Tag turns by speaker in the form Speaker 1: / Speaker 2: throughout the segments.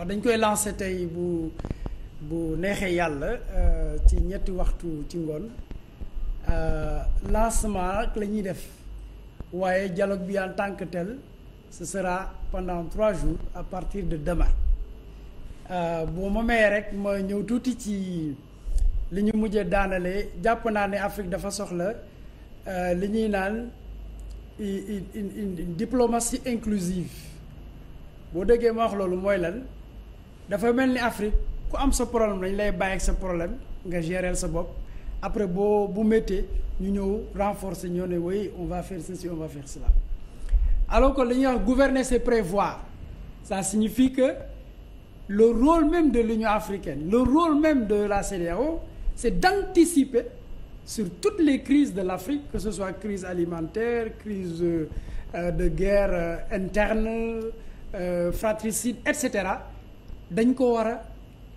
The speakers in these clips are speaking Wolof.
Speaker 1: waaw dañ koy lancé tey bu bu neexee yàlla euh, ci ñetti waxtu ci ngoon euh, lancement ak la ñuy def waaye jaloog bi en tant que tel ce sera pendant trois jours à partir de demain euh, boo ma mayee rek ma ñëw tuuti ci li ñu mujjee daanale jàpp naa ne Afrique dafa soxla li ñuy naan une diplomatie inclusive boo déggee ma wax loolu mooy lan dafay mel ni Afrique ku am sa problème dañ lay bàyyi ak sa problème nga gérer sa bopp après boo bu méttee ñu ñëw renforcer ñoo ne oui on va faire ceci on va faire cela alors que li ñuy wax gouverner c'est prévoir ça signifie que le rôle même de l'Union africaine le rôle même de la CEDEAO c'est d'anticiper sur toutes les crises de l'Afrique que ce soit crise alimentaire crise euh, de guerre euh, interne euh, fratricide etc dañ ko war a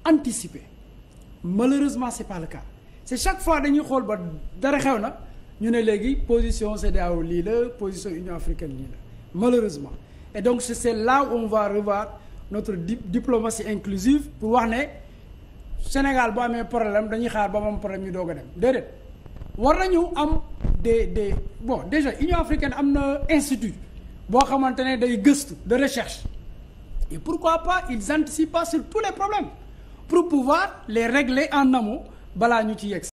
Speaker 1: anticiper malheureusement c'est pas le chaque fois dañuy xool ba dara xew na ñu ne léegi position CEDEAO lii la position Union africaine lii la malheureusement et donc c'est là où on va revoir notre diplomatie inclusive pour wax ne Sénégal bu amee problème dañuy xaar ba moom am problème ñu doog a dem déedéet war nañu am des des bon déjà Union africaine am na institut boo xamante ne day gëstu de recherche Et pourquoi pas ils anticipent pas sur tous les problèmes pour pouvoir les régler en amont balaa ñu ci yegg